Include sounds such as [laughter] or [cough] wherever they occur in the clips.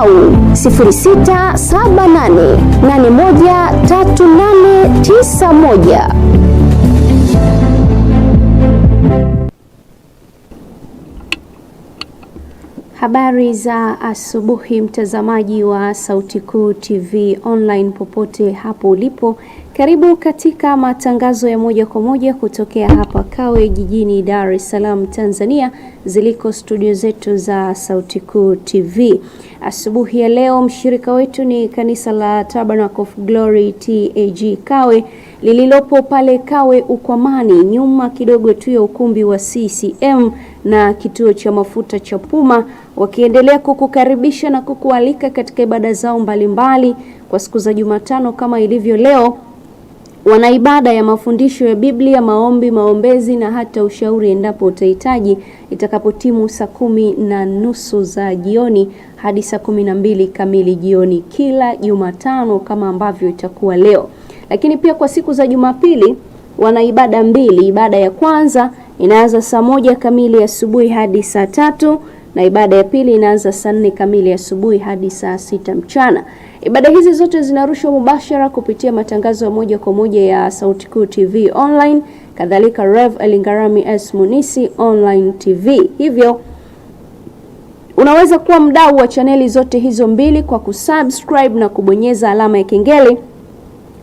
au 0678813891. Habari za asubuhi, mtazamaji wa Sauti Kuu TV Online, popote hapo ulipo, karibu katika matangazo ya moja kwa moja kutokea hapa Kawe jijini Dar es Salaam Tanzania, ziliko studio zetu za Sauti Kuu TV. Asubuhi ya leo mshirika wetu ni kanisa la Tabernacle of Glory TAG Kawe lililopo pale Kawe Ukwamani, nyuma kidogo tu ya ukumbi wa CCM na kituo cha mafuta cha Puma, wakiendelea kukukaribisha na kukualika katika ibada zao mbalimbali kwa siku za Jumatano kama ilivyo leo Wana ibada ya mafundisho ya Biblia, maombi, maombezi na hata ushauri endapo utahitaji, itakapotimu saa kumi na nusu za jioni hadi saa kumi na mbili kamili jioni kila Jumatano kama ambavyo itakuwa leo. Lakini pia kwa siku za Jumapili wana ibada mbili. Ibada ya kwanza inaanza saa moja kamili asubuhi hadi saa tatu na ibada ya pili inaanza saa nne kamili asubuhi hadi saa sita mchana. Ibada hizi zote zinarushwa mubashara kupitia matangazo ya moja kwa moja ya Sauti Kuu TV online, kadhalika Rev Elingarami S Munisi online TV. Hivyo unaweza kuwa mdau wa chaneli zote hizo mbili kwa kusubscribe na kubonyeza alama ya kengele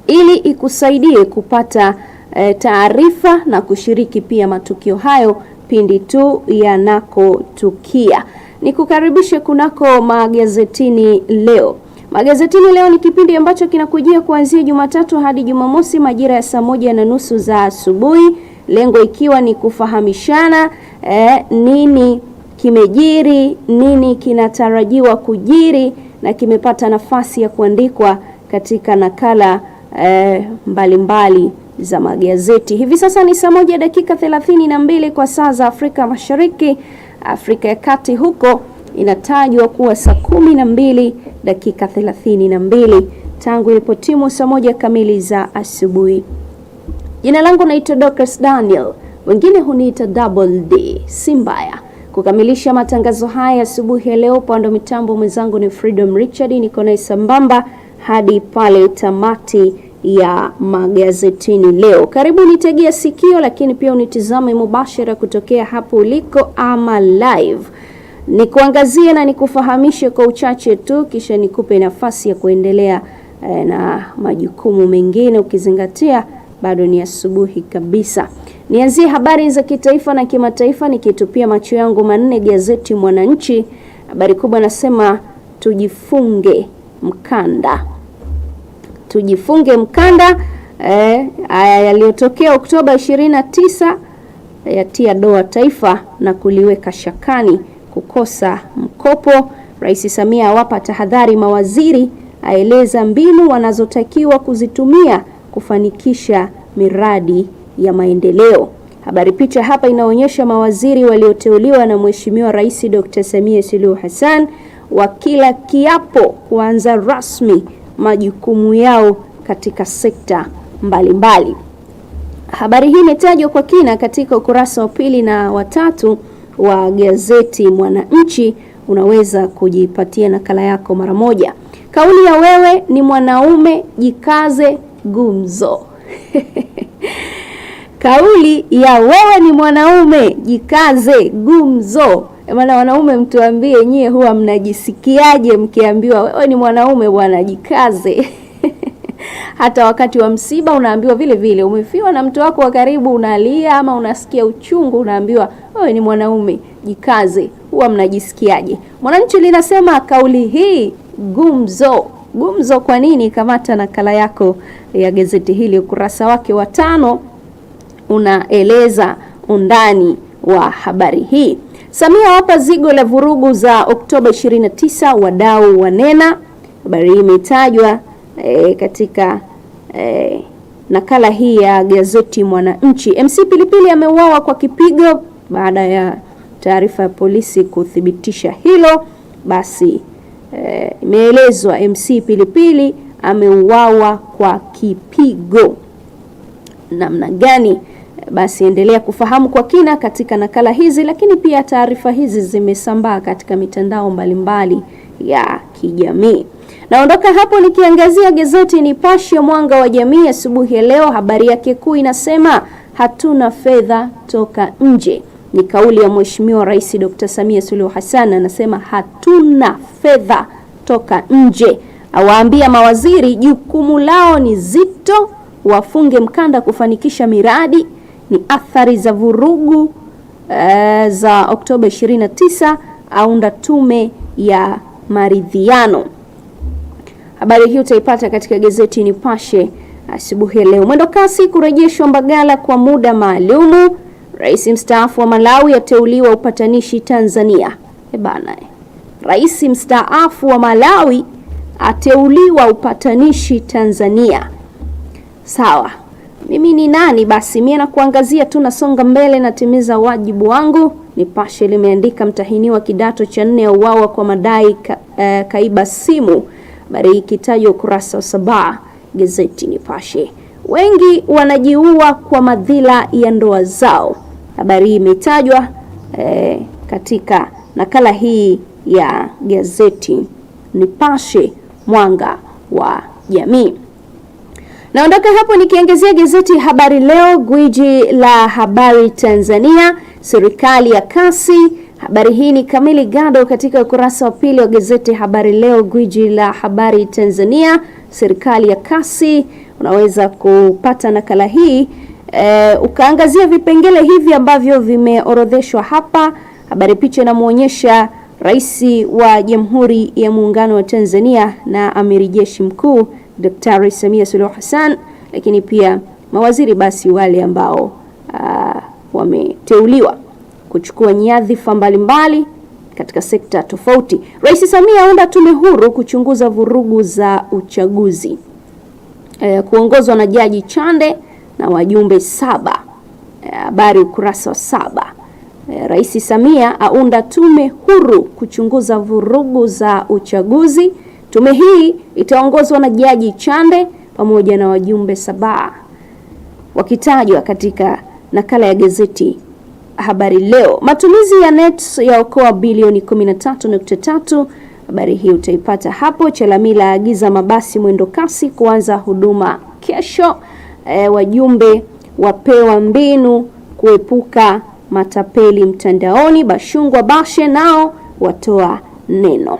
ili ikusaidie kupata e, taarifa na kushiriki pia matukio hayo pindi tu yanakotukia. Nikukaribishe kunako magazetini leo. Magazetini leo ni kipindi ambacho kinakujia kuanzia Jumatatu hadi Jumamosi majira ya saa moja na nusu za asubuhi, lengo ikiwa ni kufahamishana eh, nini kimejiri, nini kinatarajiwa kujiri na kimepata nafasi ya kuandikwa katika nakala eh, mbalimbali eh, mbali za magazeti. Hivi sasa ni saa moja dakika thelathini na mbili kwa saa za Afrika Mashariki. Afrika ya Kati huko inatajwa kuwa saa kumi na mbili dakika thelathini na mbili tangu ilipotimwa saa moja kamili za asubuhi. Jina langu naitwa Dorcas Daniel, wengine huniita Double D, si mbaya. Kukamilisha matangazo haya asubuhi ya leo, Pando mitambo mwenzangu ni Freedom Richard, niko naye sambamba hadi pale tamati ya magazetini leo. Karibu nitegea sikio, lakini pia unitizame mubashara kutokea hapo uliko ama live. Nikuangazie na nikufahamishe kwa uchache tu, kisha nikupe nafasi ya kuendelea eh, na majukumu mengine, ukizingatia bado ni asubuhi kabisa. Nianzie habari za kitaifa na kimataifa, nikitupia macho yangu manne gazeti Mwananchi. Habari kubwa nasema tujifunge mkanda tujifunge mkanda. Eh, haya e, yaliyotokea Oktoba 29 yatia doa taifa na kuliweka shakani kukosa mkopo. Rais Samia awapa tahadhari mawaziri, aeleza mbinu wanazotakiwa kuzitumia kufanikisha miradi ya maendeleo. Habari picha hapa inaonyesha mawaziri walioteuliwa na Mheshimiwa Rais Dr. Samia Suluhu Hassan wakila kiapo kuanza rasmi majukumu yao katika sekta mbalimbali mbali. Habari hii imetajwa kwa kina katika ukurasa wa pili na watatu wa gazeti Mwananchi. Unaweza kujipatia nakala yako mara moja. Kauli ya wewe ni mwanaume jikaze gumzo. [laughs] Kauli ya wewe ni mwanaume jikaze gumzo maana wanaume mtuambie, nyie huwa mnajisikiaje mkiambiwa wewe ni mwanaume bwana jikaze? [laughs] Hata wakati wa msiba unaambiwa vile vile, umefiwa na mtu wako wa karibu, unalia ama unasikia uchungu, unaambiwa wewe ni mwanaume jikaze. Huwa mnajisikiaje? Mwananchi linasema kauli hii gumzo gumzo. Kwa nini? Kamata nakala yako ya gazeti hili, ukurasa wake wa tano unaeleza undani wa habari hii. Samia wapa zigo la vurugu za Oktoba 29, wadau wanena. Habari hii imetajwa e, katika e, nakala hii ya gazeti Mwananchi. MC Pilipili ameuawa kwa kipigo baada ya taarifa ya polisi kuthibitisha hilo. Basi e, imeelezwa MC Pilipili ameuawa kwa kipigo. Namna gani? Basi endelea kufahamu kwa kina katika nakala hizi, lakini pia taarifa hizi zimesambaa katika mitandao mbalimbali ya kijamii. Naondoka hapo nikiangazia gazeti Nipashe Mwanga wa Jamii asubuhi ya leo. Habari yake kuu inasema hatuna fedha toka nje. Ni kauli ya Mheshimiwa Rais Dr. Samia Suluhu Hassan, anasema hatuna fedha toka nje. Awaambia mawaziri jukumu lao ni zito, wafunge mkanda kufanikisha miradi ni athari za vurugu e, za Oktoba 29, aunda tume ya maridhiano. Habari hii utaipata katika gazeti Nipashe asubuhi ya leo. Mwendo kasi kurejeshwa Mbagala kwa muda maalumu. Rais mstaafu wa Malawi ateuliwa upatanishi Tanzania. E bana, rais mstaafu wa Malawi ateuliwa upatanishi Tanzania. Sawa. Mimi ni nani basi? Mimi nakuangazia tu, nasonga mbele, natimiza wajibu wangu. Nipashe limeandika mtahiniwa kidato cha nne auawa kwa madai ka, eh, kaiba simu, habari ikitajwa ukurasa wa saba gazeti Nipashe. Wengi wanajiua kwa madhila ya ndoa zao, habari hii imetajwa eh, katika nakala hii ya gazeti Nipashe, mwanga wa jamii. Naondoka hapo nikiangazia gazeti Habari Leo, gwiji la habari Tanzania, serikali ya kasi. Habari hii ni kamili gado katika ukurasa wa pili wa gazeti Habari Leo, gwiji la habari Tanzania, serikali ya kasi. Unaweza kupata nakala hii e, ukaangazia vipengele hivi ambavyo vimeorodheshwa hapa. Habari picha inamwonyesha Rais wa Jamhuri ya Muungano wa Tanzania na Amiri Jeshi Mkuu Daktari Samia Suluhu Hassan, lakini pia mawaziri basi wale ambao uh, wameteuliwa kuchukua nyadhifa mbalimbali katika sekta tofauti. Rais Samia aunda tume huru kuchunguza vurugu za uchaguzi e, kuongozwa na Jaji Chande na wajumbe saba. Eh, habari e, ukurasa wa saba. E, Rais Samia aunda tume huru kuchunguza vurugu za uchaguzi. Tume hii itaongozwa na Jaji Chande pamoja na wajumbe saba wakitajwa katika nakala ya gazeti Habari Leo. Matumizi ya NET yaokoa bilioni 13.3. Habari hii utaipata hapo. Chalamila aagiza mabasi mwendo kasi kuanza huduma kesho. E, wajumbe wapewa mbinu kuepuka matapeli mtandaoni. Bashungwa Bashe nao watoa neno.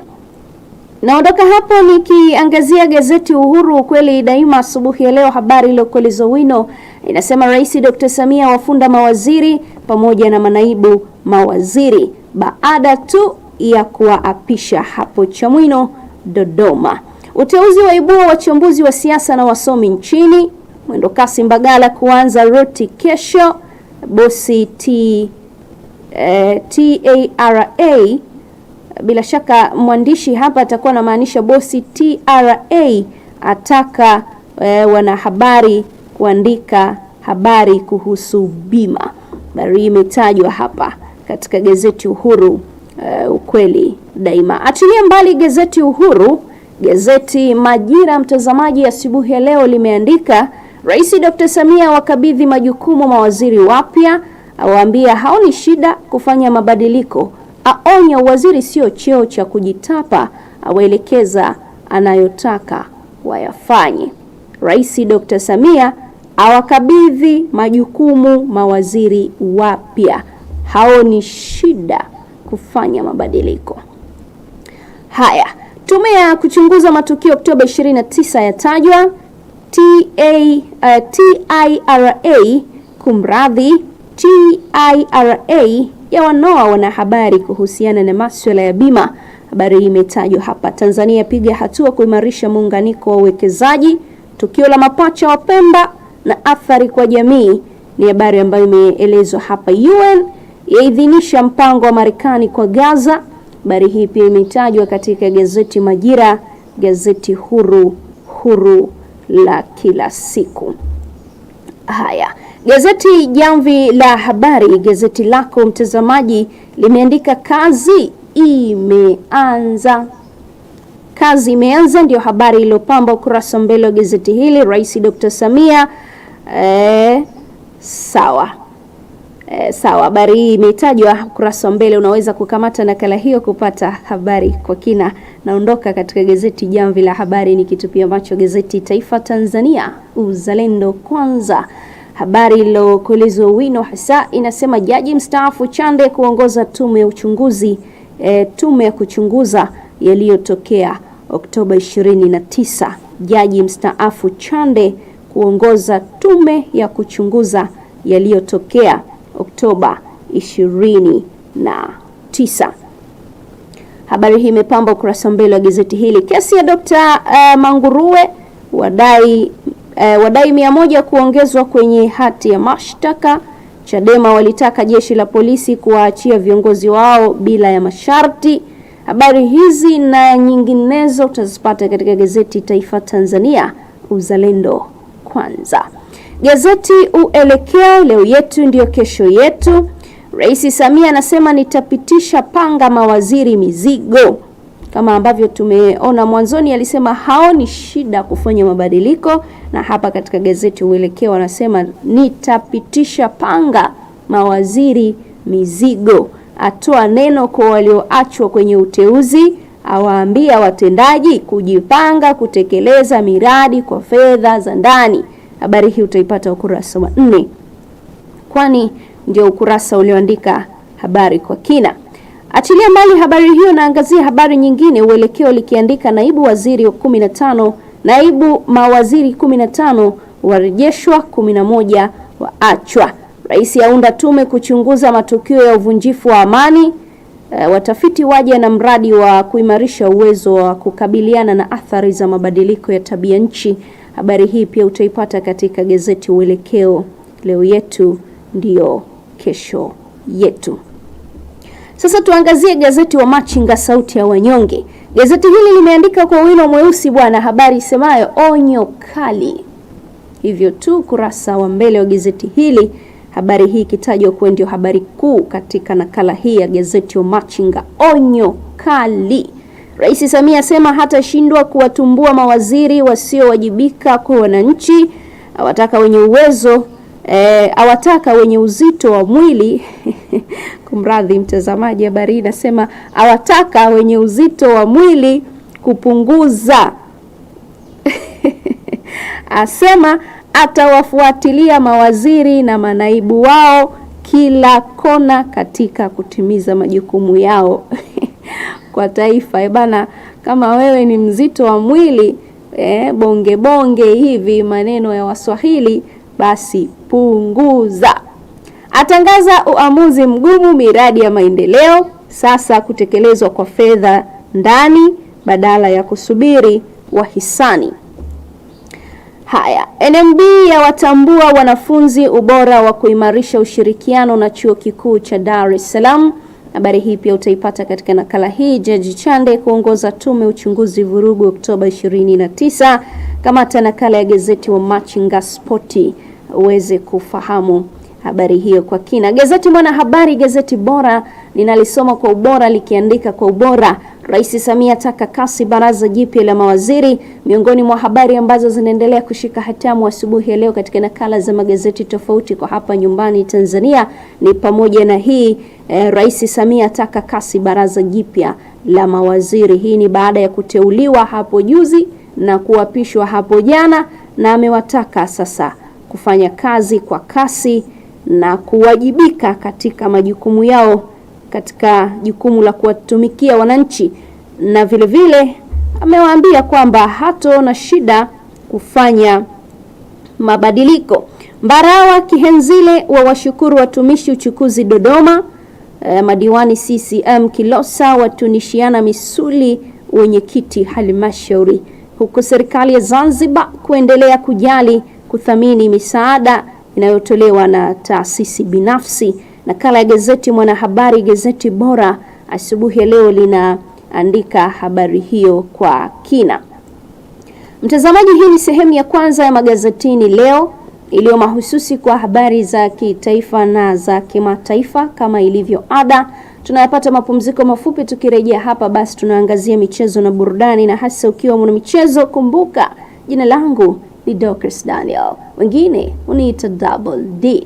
Naondoka hapo nikiangazia gazeti Uhuru ukweli daima asubuhi ya leo. Habari iliyokolezwa wino inasema Rais Dr. Samia wafunda mawaziri pamoja na manaibu mawaziri baada tu ya kuwaapisha hapo Chamwino, Dodoma. Uteuzi wa ibua wachambuzi wa siasa na wasomi nchini. Mwendokasi Mbagala kuanza roti kesho. Bosi T, eh, TARA bila shaka mwandishi hapa atakuwa anamaanisha bosi TRA ataka e, wanahabari kuandika habari kuhusu bima. Habari hii imetajwa hapa katika gazeti Uhuru e, ukweli daima. Achilia mbali gazeti Uhuru, gazeti Majira mtazamaji asubuhi ya leo limeandika Rais Dr. Samia wakabidhi majukumu mawaziri wapya, awaambia haoni shida kufanya mabadiliko aonya uwaziri sio cheo cha kujitapa, awaelekeza anayotaka wayafanye. Rais Dr. Samia awakabidhi majukumu mawaziri wapya, haoni shida kufanya mabadiliko haya. Tume ya kuchunguza matukio Oktoba 29 yatajwa TIRA, eh, kumradhi, TIRA ya wanoa wanahabari kuhusiana na masuala ya bima. Habari hii imetajwa hapa. Tanzania piga hatua kuimarisha muunganiko wa uwekezaji, tukio la mapacha wa Pemba na athari kwa jamii ni habari ambayo imeelezwa hapa. UN yaidhinisha mpango wa Marekani kwa Gaza. Habari hii pia imetajwa katika gazeti Majira, gazeti huru huru la kila siku. Haya. Gazeti Jamvi la Habari, gazeti lako mtazamaji, limeandika kazi imeanza. Kazi imeanza ndio habari iliyopamba ukurasa mbele wa gazeti hili. Rais Dr. Samia e, sawa e, sawa. Habari hii imetajwa ukurasa wa mbele, unaweza kukamata nakala hiyo kupata habari kwa kina. Naondoka katika gazeti Jamvi la Habari nikitupia macho gazeti Taifa Tanzania, uzalendo kwanza. Habari iliyokolezwa wino hasa inasema jaji mstaafu Chande kuongoza tume ya uchunguzi e, tume ya kuchunguza yaliyotokea Oktoba 29. Jaji mstaafu Chande kuongoza tume ya kuchunguza yaliyotokea Oktoba 29. Habari hii imepamba ukurasa mbele wa gazeti hili. Kesi ya Dr. Eh, Manguruwe wadai E, wadai mia moja kuongezwa kwenye hati ya mashtaka. Chadema walitaka jeshi la polisi kuwaachia viongozi wao bila ya masharti. Habari hizi na nyinginezo utazipata katika gazeti Taifa Tanzania, uzalendo kwanza. Gazeti Uelekeo, leo yetu ndiyo kesho yetu. Rais Samia anasema nitapitisha panga mawaziri mizigo. Kama ambavyo tumeona mwanzoni, alisema haoni shida kufanya mabadiliko, na hapa katika gazeti Uelekeo anasema nitapitisha panga mawaziri mizigo, atoa neno kwa walioachwa kwenye uteuzi, awaambia watendaji kujipanga kutekeleza miradi kwa fedha za ndani. Habari hii utaipata ukurasa wa nne, kwani ndio ukurasa ulioandika habari kwa kina. Achilia mbali habari hiyo na angazia habari nyingine, Uelekeo likiandika naibu waziri 15, naibu mawaziri 15 warejeshwa 11 waachwa. Rais aunda tume kuchunguza matukio ya uvunjifu wa amani. E, watafiti waje na mradi wa kuimarisha uwezo wa kukabiliana na athari za mabadiliko ya tabia nchi. Habari hii pia utaipata katika gazeti Uelekeo, leo yetu ndiyo kesho yetu. Sasa tuangazie gazeti wa Machinga, sauti ya wanyonge. Gazeti hili limeandika kwa wino mweusi bwana, habari isemayo onyo kali. Hivyo tu kurasa wa mbele wa gazeti hili, habari hii ikitajwa kuwa ndio habari kuu katika nakala hii ya gazeti wa Machinga, onyo kali. Rais Samia asema hatashindwa kuwatumbua mawaziri wasiowajibika kwa wananchi, awataka wenye uwezo E, awataka wenye uzito wa mwili [laughs] kumradhi mtazamaji, habari inasema awataka wenye uzito wa mwili kupunguza [laughs] asema atawafuatilia mawaziri na manaibu wao kila kona katika kutimiza majukumu yao [laughs] kwa taifa. E bana, kama wewe ni mzito wa mwili eh, bonge bonge hivi maneno ya Waswahili, basi punguza atangaza uamuzi mgumu miradi ya maendeleo sasa kutekelezwa kwa fedha ndani badala ya kusubiri wahisani. Haya, NMB yawatambua wanafunzi ubora wa kuimarisha ushirikiano na Chuo Kikuu cha Dar es Salaam. Habari hii pia utaipata katika nakala hii. Jaji Chande kuongoza tume uchunguzi vurugu Oktoba 29. Kamata nakala ya gazeti wa Machinga Spoti uweze kufahamu habari hiyo kwa kina. Gazeti Mwanahabari, gazeti bora linalisoma kwa ubora, likiandika kwa ubora. Rais Samia taka kasi baraza jipya la mawaziri, miongoni mwa habari ambazo zinaendelea kushika hatamu asubuhi ya leo katika nakala za magazeti tofauti kwa hapa nyumbani Tanzania ni pamoja na hii eh, Rais Samia taka kasi baraza jipya la mawaziri. Hii ni baada ya kuteuliwa hapo juzi na kuapishwa hapo jana, na amewataka sasa kufanya kazi kwa kasi na kuwajibika katika majukumu yao katika jukumu la kuwatumikia wananchi, na vile vile amewaambia kwamba na shida kufanya mabadiliko. Mbarawa Kihenzile wa washukuru watumishi uchukuzi Dodoma. Eh, madiwani CCM Kilosa watunishiana misuli wenyekiti halmashauri, huku serikali ya Zanzibar kuendelea kujali kuthamini misaada inayotolewa na taasisi binafsi. Nakala ya gazeti Mwanahabari, gazeti bora, asubuhi ya leo linaandika habari hiyo kwa kina. Mtazamaji, hii ni sehemu ya kwanza ya magazetini leo iliyo mahususi kwa habari za kitaifa na za kimataifa. Kama ilivyo ada, tunayapata mapumziko mafupi. Tukirejea hapa, basi tunaangazia michezo na burudani, na hasa ukiwa mwana michezo. Kumbuka, jina langu ni doctors, Daniel. need uniita Double D.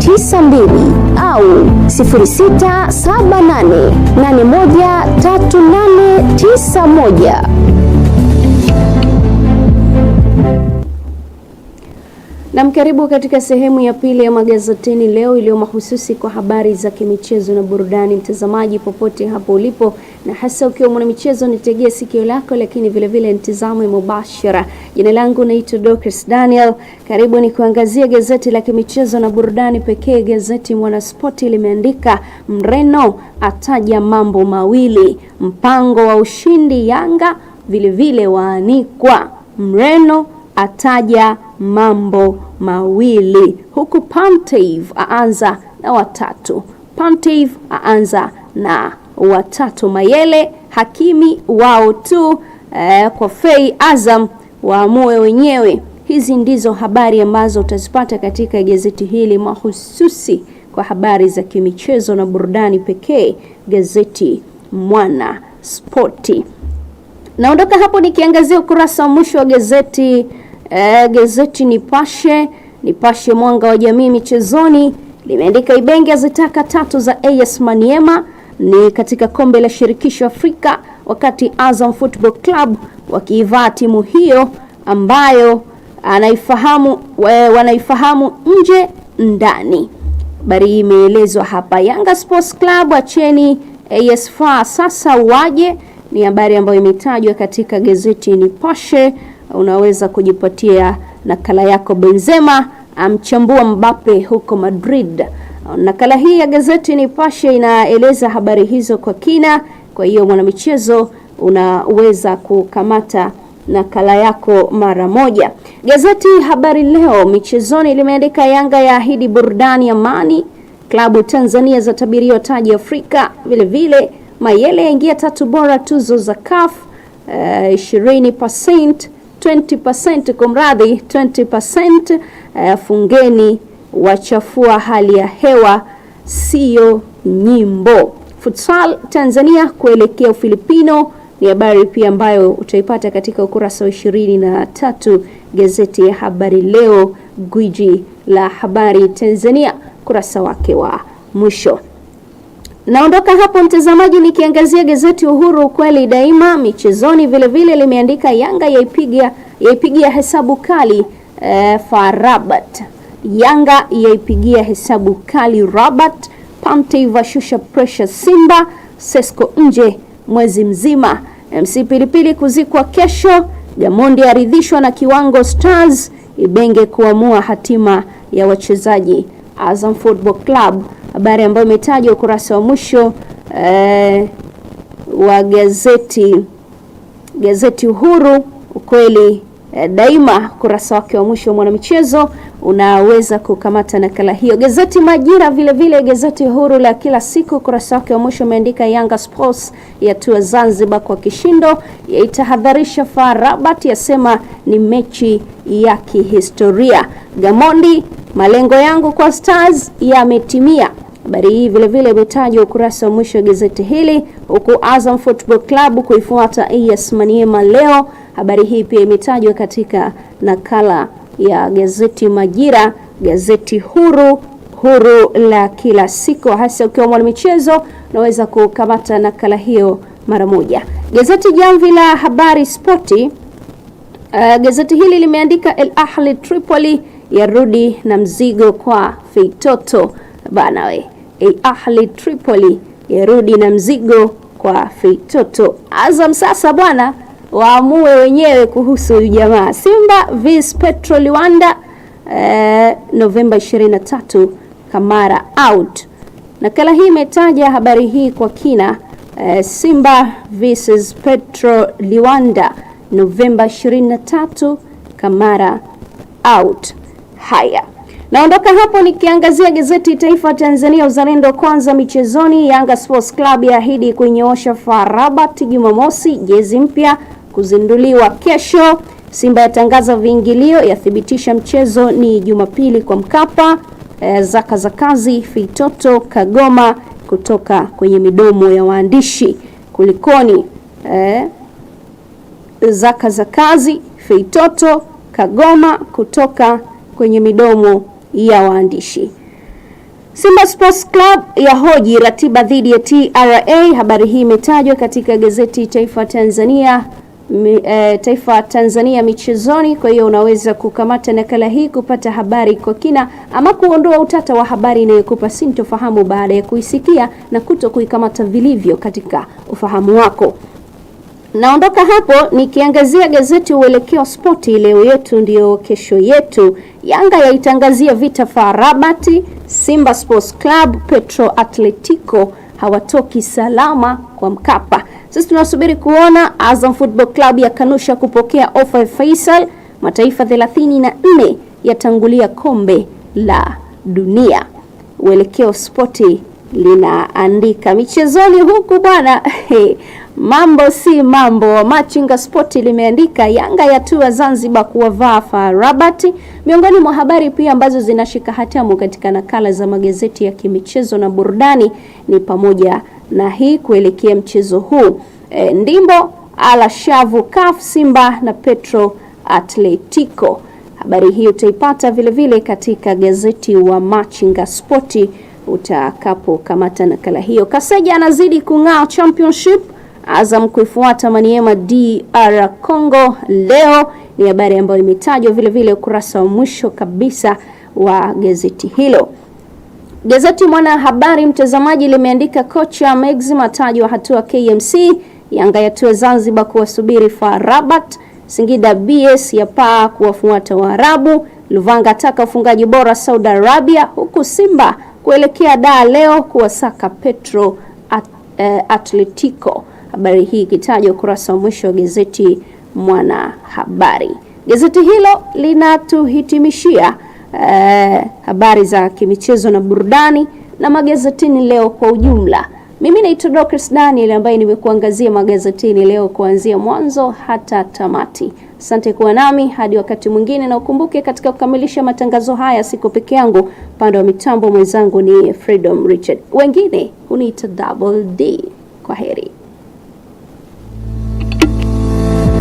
92 au 0678813891. namkaribu katika sehemu ya pili ya magazetini leo iliyo mahususi kwa habari za kimichezo na burudani. Mtazamaji popote hapo ulipo, na hasa ukiwa mwanamichezo, nitegee sikio lako, lakini vilevile nitazame mubashara. Jina langu naitwa Dorcas Daniel, karibu ni kuangazia gazeti la kimichezo na burudani pekee. Gazeti Mwanaspoti limeandika Mreno ataja mambo mawili, mpango wa ushindi Yanga vilevile waanikwa Mreno ataja mambo mawili, huku Pantev aanza na watatu. Pantev aanza na watatu. Mayele Hakimi wao tu eh, kwa Fei Azam waamue wenyewe. Hizi ndizo habari ambazo utazipata katika gazeti hili mahususi kwa habari za kimichezo na burudani pekee, gazeti Mwana Spoti. Naondoka hapo nikiangazia ukurasa wa mwisho wa gazeti E, gazeti Nipashe, Nipashe mwanga wa jamii michezoni limeandika Ibenge azitaka tatu za AS Maniema ni katika kombe la shirikisho Afrika, wakati Azam Football Club wakiivaa timu hiyo ambayo anaifahamu wanaifahamu nje ndani. Habari hii imeelezwa hapa. Yanga Sports Club acheni AS FAR sasa waje, ni habari ambayo imetajwa katika gazeti Nipashe unaweza kujipatia nakala yako Benzema amchambua Mbappe huko Madrid. Nakala hii ya gazeti Nipashe inaeleza habari hizo kwa kina, kwa hiyo mwanamichezo unaweza kukamata nakala yako mara moja. Gazeti Habari Leo michezoni limeandika Yanga yaahidi burudani amani, klabu Tanzania za taji Afrika. Vile vile Mayele yaingia tatu bora tuzo za CAF 20% uh, eh, 20%, kumradhi 20%. Uh, eh, fungeni wachafua hali ya hewa, siyo nyimbo. Futsal Tanzania kuelekea Ufilipino ni habari pia ambayo utaipata katika ukurasa wa ishirini na tatu gazeti ya Habari Leo, gwiji la habari Tanzania, ukurasa wake wa mwisho. Naondoka hapo mtazamaji, nikiangazia gazeti Uhuru ukweli daima. Michezoni vilevile limeandika Yanga yaipigia yaipigia hesabu kali eh, FAR Rabat. Yanga yaipigia hesabu kali Rabat. Pante shusha pressure Simba. Sesco nje mwezi mzima. MC Pilipili kuzikwa kesho. Gamondi aridhishwa na kiwango Stars. Ibenge kuamua hatima ya wachezaji Azam Football Club habari ambayo imetajwa ukurasa wa mwisho eh, wa gazeti gazeti Uhuru ukweli eh, daima ukurasa wake wa mwisho wa mwanamichezo unaweza kukamata nakala hiyo. Gazeti Majira vile vile, gazeti uhuru la kila siku ukurasa wake wa mwisho umeandika Yanga Sports yatua Zanzibar kwa kishindo, yaitahadharisha FAR Rabat, yasema ni mechi ya kihistoria. Gamondi, malengo yangu kwa Stars yametimia. Habari hii vilevile imetajwa ukurasa wa mwisho wa gazeti hili, huku Azam Football Club kuifuata AS Maniema leo. Habari hii pia imetajwa katika nakala ya gazeti Majira, gazeti huru huru la kila siku, hasa ukiwa mwanamichezo unaweza kukamata nakala hiyo mara moja. Gazeti Jamvi la Habari Spoti, uh, gazeti hili limeandika El Ahli Tripoli yarudi na mzigo kwa Feitoto bana we Ahli Tripoli yarudi na mzigo kwa fitoto. Azam sasa bwana waamue wenyewe kuhusu huyu jamaa. Simba vs Petro Luanda eh, Novemba 23, Kamara out. Nakala hii imetaja habari hii kwa kina eh, Simba vs Petro Liwanda Novemba 23, Kamara out. Haya. Naondoka hapo nikiangazia gazeti Taifa Tanzania, uzalendo kwanza. Michezoni, Yanga Sports Club yaahidi kuinyoosha FAR Rabat Jumamosi, jezi mpya kuzinduliwa kesho. Simba yatangaza viingilio, yathibitisha mchezo ni Jumapili kwa Mkapa. E, zaka za kazi Fitoto Kagoma kutoka kwenye midomo ya waandishi kulikoni. E, zaka za kazi Fitoto Kagoma kutoka kwenye midomo ya waandishi. Simba Sports Club hoji ratiba dhidi ya TRA. Habari hii imetajwa katika gazeti Taifa Tanzania mi, e, Taifa Tanzania michezoni. Kwa hiyo unaweza kukamata nakala hii kupata habari kwa kina, ama kuondoa utata wa habari inayokupa sintofahamu baada ya kuisikia na kuto kuikamata vilivyo katika ufahamu wako. Naondoka hapo nikiangazia gazeti Uelekeo Spoti, leo yetu ndiyo kesho yetu. Yanga yaitangazia vita FAR Rabat, Simba Sports Club, Petro Atletico hawatoki salama kwa Mkapa. Sisi tunasubiri kuona Azam Football Club ya kanusha kupokea ofa ya Faisal. Mataifa 34 yatangulia kombe la dunia. Uelekeo Spoti linaandika michezoni huku bwana [laughs] Mambo si mambo. Machinga Sport limeandika Yanga yatua Zanzibar kuwavaa Farabati, miongoni mwa habari pia ambazo zinashika hatamu katika nakala za magazeti ya kimichezo na burudani ni pamoja na hii kuelekea mchezo huu e, Ndimbo ala shavu CAF Simba na Petro Atletico. Habari hii utaipata vilevile katika gazeti wa Machinga Sport utakapokamata nakala hiyo. Kaseja anazidi kung'aa championship Azam kuifuata Maniema DR Congo leo ni habari ambayo imetajwa vile vile ukurasa wa mwisho kabisa wa gazeti hilo. Gazeti Mwanahabari mtazamaji limeandika kocha Maxim atajwa hatua KMC, Yanga yatua Zanzibar kuwasubiri FAR Rabat, Singida BS ya paa kuwafuata Waarabu, Luvanga ataka ufungaji bora Saudi Arabia, huku Simba kuelekea Dar leo kuwasaka Petro At, eh, Atletico habari hii ikitajwa ukurasa wa mwisho wa gazeti Mwanahabari. Gazeti hilo linatuhitimishia eh, habari za kimichezo na burudani na magazetini leo kwa ujumla. Mimi naitwa Dorcas Daniel ambaye nimekuangazia magazetini leo kuanzia mwanzo hata tamati. Asante kuwa nami hadi wakati mwingine, na ukumbuke katika kukamilisha matangazo haya siko peke yangu, upande wa mitambo mwenzangu ni Freedom Richard, wengine huniita Double D. Kwa heri.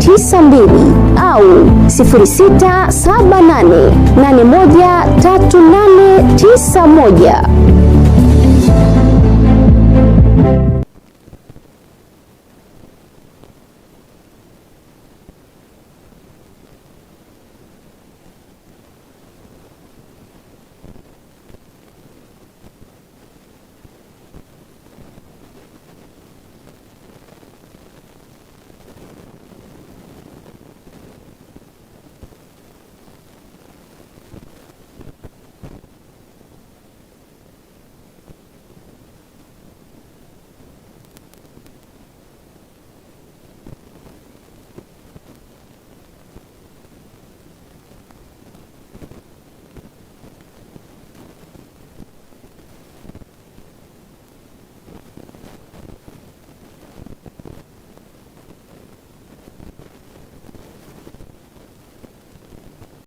92 au 0678813891.